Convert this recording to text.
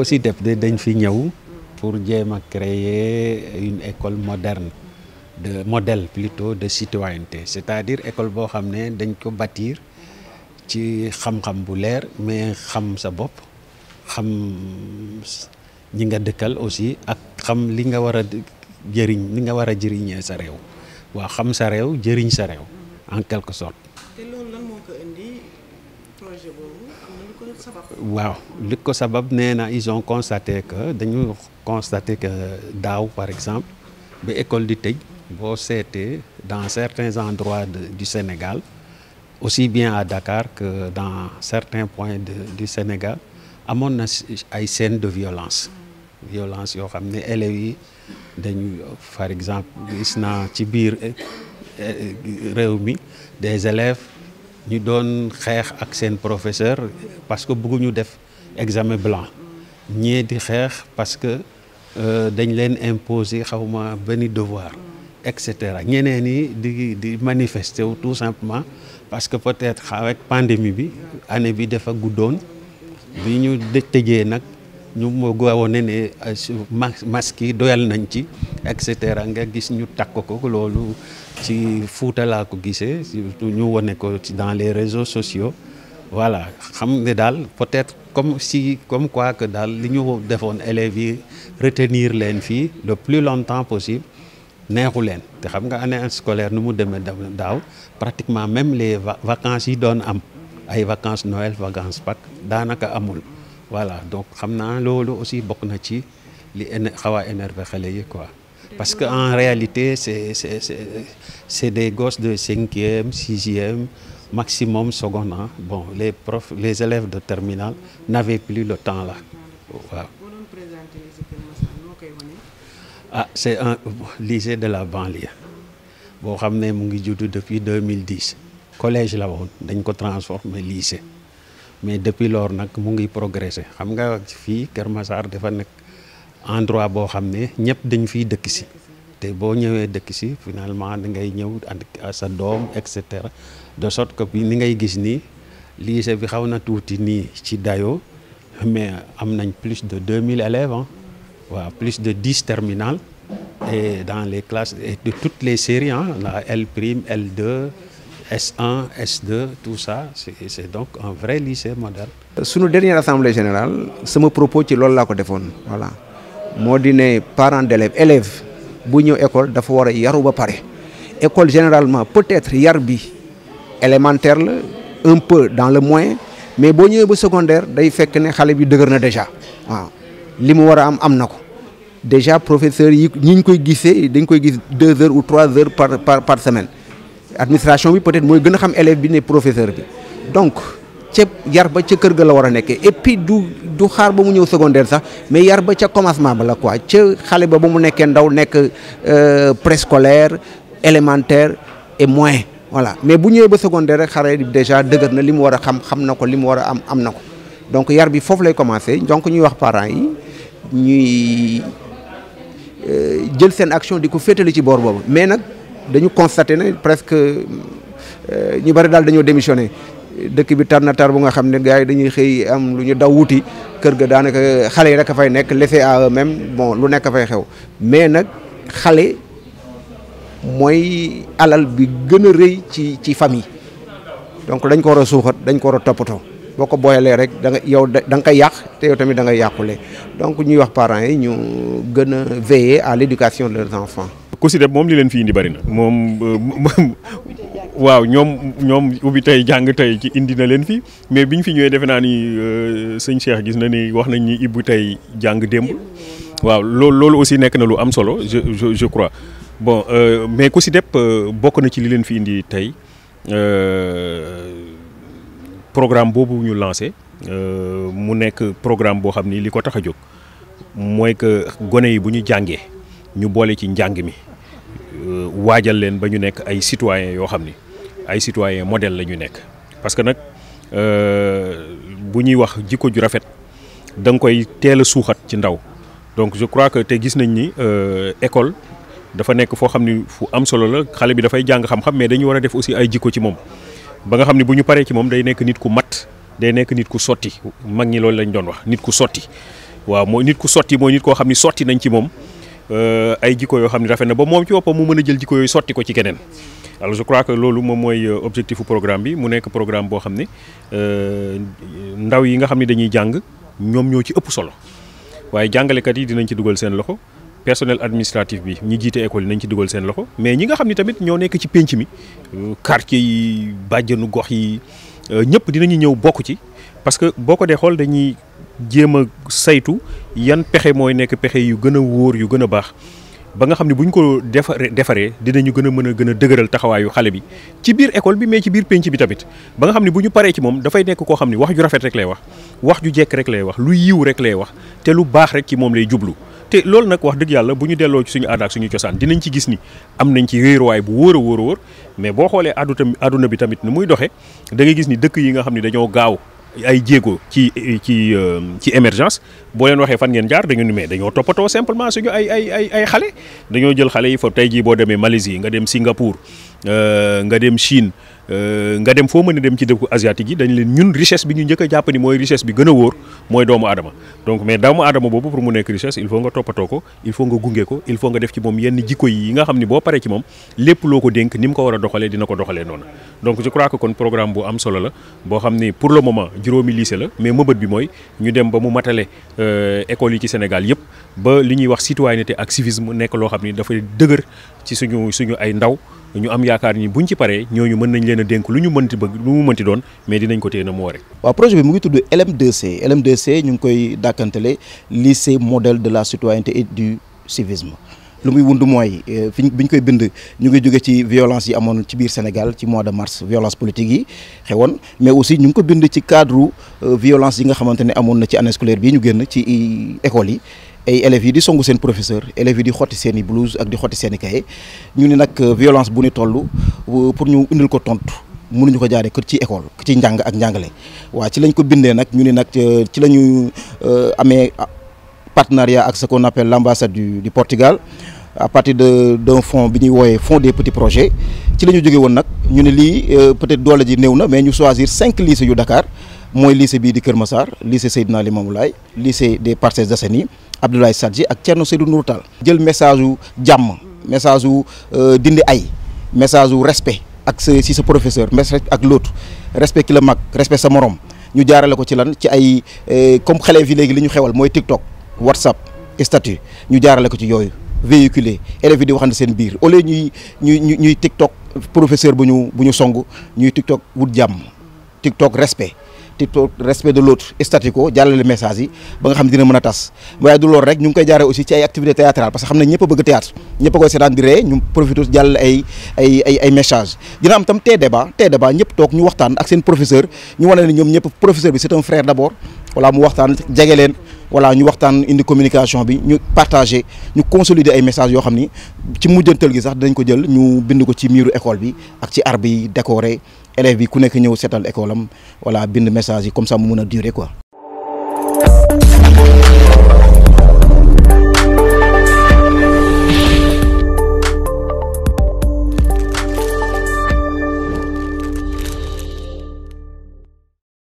Aussi def de dañ fi ñëw pour jéem a créer une école moderne de modèle plutôt de citoyenneté c'est-à-dire école boo xam ne dañ ko bâtir ci xam-xam bu leer mais xam sa bopp xam ñi nga dëkkal aussi ak xam li nga war a jëriñ li nga war a jëriñee sa réew waaw xam sa réew jëriñ sa réew en quelque sorte te loolu lan moo ko indi Wow, le ils ont constaté que dañu constaté que Dao, par exemple l'école école dans certains endroits du Sénégal aussi bien à Dakar que dans certains points du Sénégal a a une scènes de violence violence ont amené, par exemple eh, eh, des élèves nous donnons accès ak professeurs professeur parce que nous def examen blanc Nous di parce que euh, dañ leen imposer xawma devoirs, devoir et cetera ñeneen tout simplement parce que peut-être avec la pandémie bi année bi dafa choses bi ñu ñu gaaw ne ne euh, masque yi doyal nañ ci et cetera nga gis ñu takk ko loolu ci Fuuta laa ko gisee surtout ñu wane ko ci dans les réseaux sociaux voilà xam ne peut-être comme si comme quoi que daal li ñu defoon élèves yi retenir leen fii le plus longtemps possible neexu leen te xam nga année scolaire nu mu demee daaw pratiquement même les vacances yi doon am ay vacances Noël vacances Pâques daanaka amul voilà donc xam naa aussi bokk na ci li xaw a énervé yi quoi. parce que en réalité c'est c'est des gosses de 5ème, 6 sixième maximum seconde hein. bon les profs les élèves de terminale n'avaient plus le temps là voilà ah c'est un lycée de la banlieue bon xam ne mu ngi depuis 2010 collège là-bas, dañ ko transformé lycée mais depuis lors nous mu ngi progressé xam nga fi Kermasar, dafa endroit où xamné ñep ñëpp dañ fiy dëkk si té des ñëwé dëkk si finalement da ngay ñëw ànd sa etc. etc. de sorte que bi ni ngay gis ni lycée bi xawna touti ni ci Dayo, mais am nañ plus de 2000 élèves hein. plus de 10 terminales et dans les classes de toutes les séries hein, L prime L2 S1, S2, tout ça, c'est donc un vrai lycée moderne. Sous notre dernière assemblée générale, ce me propos ci c'est ce que voilà Moi, di parents d'élèves élèves bu une école d'avoir y a yaru ba école généralement peut-être yar bi élémentaire un peu dans le moyen mais boo ñëwee au secondaire day fekk ne xale bi dëgër déjà waaw li mu am am déjà professeurs yi ñi koy les dañ deux heures ou trois heures par par par semaine administration bi peut-être mooy gën a xam élève bi ne professeur bi donc ca yar ba ca kër ga la war a nekkee et puis du du xaar ba mu ñëw secondaire sax mais yar ba ca commencement ba la quoi ca xale ba ba mu nekkee ndaw nekk euh, préscolaire élémentaire et moins voilà mais bu ñëwee ba secondaire rek xale déjà dëgër na li mu war a xam xam na ko li mu war a am am na ko donc yar bi foofu lay commencé donc ñuy wax parents yi ñuy euh, jël seen action di ko féetali ci boor boobu mais nag. dañu constaté ne presque euh, ñu bari daal dañoo démissionné dëkk bi tar na tar bu nga xam ne gars yi dañuy xëy am lu ñu daw wuti kër ga daanaka xale yi rek a fay nekk laissés à eux bon lu nekk fay xew mais nag xale mooy alal bi gën a rëy ci ci famille donc dañ ko war a suuxat dañ ko war a toppatoo boo ko boyalee rek da nga yow da nga koy yàq te yow tamit da nga yàqule donc ñuy wax parents yi ñu gën a veiller à l'éducation de leurs enfants COSYDEP moom li leen fi indi bari na moom euh, waaw ñoom ñoom ubbi tey jàng tey ci indi na leen fi mais bi ñu fi ñëwee defe naa ni euh, sëñ Cheikh gis na ni wax nañ ni ibbu tey jàng démb waaw loolu loolu aussi nekk na lu am solo je je je crois bon euh, mais ku si COSYDEP bokk na ci li leen fi indi tey programme boobu ñu lancé mu nekk programme boo xam ni li ko tax a jóg mooy que gone yi bu ñu jàngee ñu boole ci njàng mi. Euh, waajal leen ba ñu nekk ay citoyens yoo xam ni ay citoyens modèle la ñu nekk parce que nag euh, bu ñuy wax jikko ju rafet da nga koy teel a suuxat ci ndaw donc je crois que te gis nañ ni euh, école dafa nekk foo xam ni fu am solo la xale bi dafay jàng xam-xam mais dañu war a def aussi ay jikko ci moom ba nga xam ni bu ñu paree ci moom day nekk nit ku mat day nekk nit ku sotti mag ñi loolu lañ doon wax nit ku sotti waaw mooy nit ku sotti mooy nit koo xam ni sotti nañ ci moom Euh, ay jiko yo xamni ne rafet na ba mom ci boppam mo meuna jël jiko yo soti ko ci keneen alors je crois que lolu mom moy euh, objectifu programme bi mu nek programme bo xamni euh ndaw yi nga xamni dañuy jang ñom ñoo ci ëpp solo waye jangale kat yi dinañ ci duggal seen loxo personnel administratif bi ñi jité école yi nañ ci duggal seen loxo mais ñi nga xamni tamit ñoo nek ci pénc mi euh, quartier yi bàjjanu gox yi ñëpp dinañ ñëw bokku ci parce que boko ko xol dañuy jéem a saytu yan pexe mooy nekk pexe yu gën a wóor yu gën a baax ba nga xam ni bu ñu ko defaree defaree dinañu gën a mën a gën a dëgëral taxawaayu xale bi ci biir école bi mais ci biir pénc bi tamit ba nga xam ne bu ñu paree ci moom dafay nekk koo xam ne wax ju rafet rek lay wax wax ju jekk rek lay wax lu yiw rek lay wax te lu baax rek ci moom lay jublu te loolu nag wax dëgg yàlla bu ñu delloo ci suñu aada suñu cosaan dinañ ci gis ni am nañ ci réeruwaay bu wóor a wóor a mais boo xoolee aduna aduna bi tamit muy doxee da gis ni dëkk yi nga xam ne dañoo gaaw ay jéego ci ci euh, ci émergence bo leen waxee fan ngeen jaar dañu ni mais dañoo simplement suñu ay ay ay ay xale dañoo jël xale yi fa tey jii boo Malaisie nga Singapour euh, nga Chine Euh, nga dem foo mën a dem ci dëkku asiatique yi dañ leen ñun richesse bi ñu njëkk a jàpp ni mooy richesse bi gën a wóor mooy doomu aadama donc mais doomu aadama boobu pour mu nekk richesse il faut nga toppatoo ko il faut nga gunge ko il faut nga def ci moom yenn jikko yi nga xam ni boo paree ci moom lépp loo ko dénk ni mu ko war a doxalee dina ko doxalee noonu donc je crois que kon programme bu am solo la boo xam ni pour le moment juróomi lycée la mais mëbët bi mooy ñu dem ba mu matale euh, école yi ci Sénégal yëpp ba li ñuy wax citoyenneté ak civisme nekk loo xam ni dafay dëgër ci suñu suñu ay ndaw ñu am yaakaar ni buñ ci paré ñooñu mën nañ leena a dénk lu ñu mënti bëgg lu mu mënti doon mais dinañ ko téena mo rek wa projet bi mu ngi tudd LM2C LM2C ñu ngi koy dàkkantale lycée modèle de la citoyenneté et du civisme. lu muy wund moy eh, fi koy bind ñu ngi joggé ci violence yi amoon ci biir Sénégal ci mois de mars violence politique yi xewon mais aussi ñu ngi ko bind ci cadre eh, violence yi nga xamantene ne na ci année scolaire bi ñu génn ci eh, école yi ay élèves yi di songu sen professeur élèves yi di xotti sen blouse ak di xotti sen cahier kaye ñu ne nag euh, violence bu ni toll euh, pour ñu indil ko tontu mënuñu ko jaaree kër ci école ci njang ak njangalé wa ci lañ ko bindé nak ñu ne nag euh, ci lañu amé partenariat ak ce qu'on appelle l'ambassade du du Portugal à partir de d'un fonds bi ñuy wooyee fonds des petits projets ci lañu joggé won nak nag ñu ne lii peut-être doole ji néew na mais ñu choisir 5 lycées yu Dakar moy lycée bi di Kër Massar lycée Seydina Limamou Laye lycée des Parcelles Assainies Abdoulaye Sadji ak Seydou de jël message jam message euh, dindi ay message respect ak si professeur message ak l'autre respect ki message mag respect sa morom ñu jaarale ko ci lan ci ay euh, comme TikTok WhatsApp statut ñu jaarale ko ci véhiculer TikTok professeur buñu buñu TikTok wut TikTok respect plutôt respect de l'autre statu jàllale message yi ba nga xam dina mën a tas waaye du loolu rek ñu ngi koy jaaree aussi ci ay activités théâtrales parce que xam ne ñëpp a bëgg théâtre ñëpp koy seetaan di ree ñu profité jàllale ay ay message dina am tam tee débat tee débat ñëpp toog ñu waxtaan ak seen professeur ñu wane ne ñoom ñëpp professeur bi c'est un frère d'abord wala mu waxtaan jege leen voilà ñu waxtaan indi communication nous ñu nous consolidons consolider messages yo xamni ci mujjantal nous sax dañ ko jël ñu bind ko ci miiru école bi arbre élèves bi ku nekk école message comme ça mu durer quoi.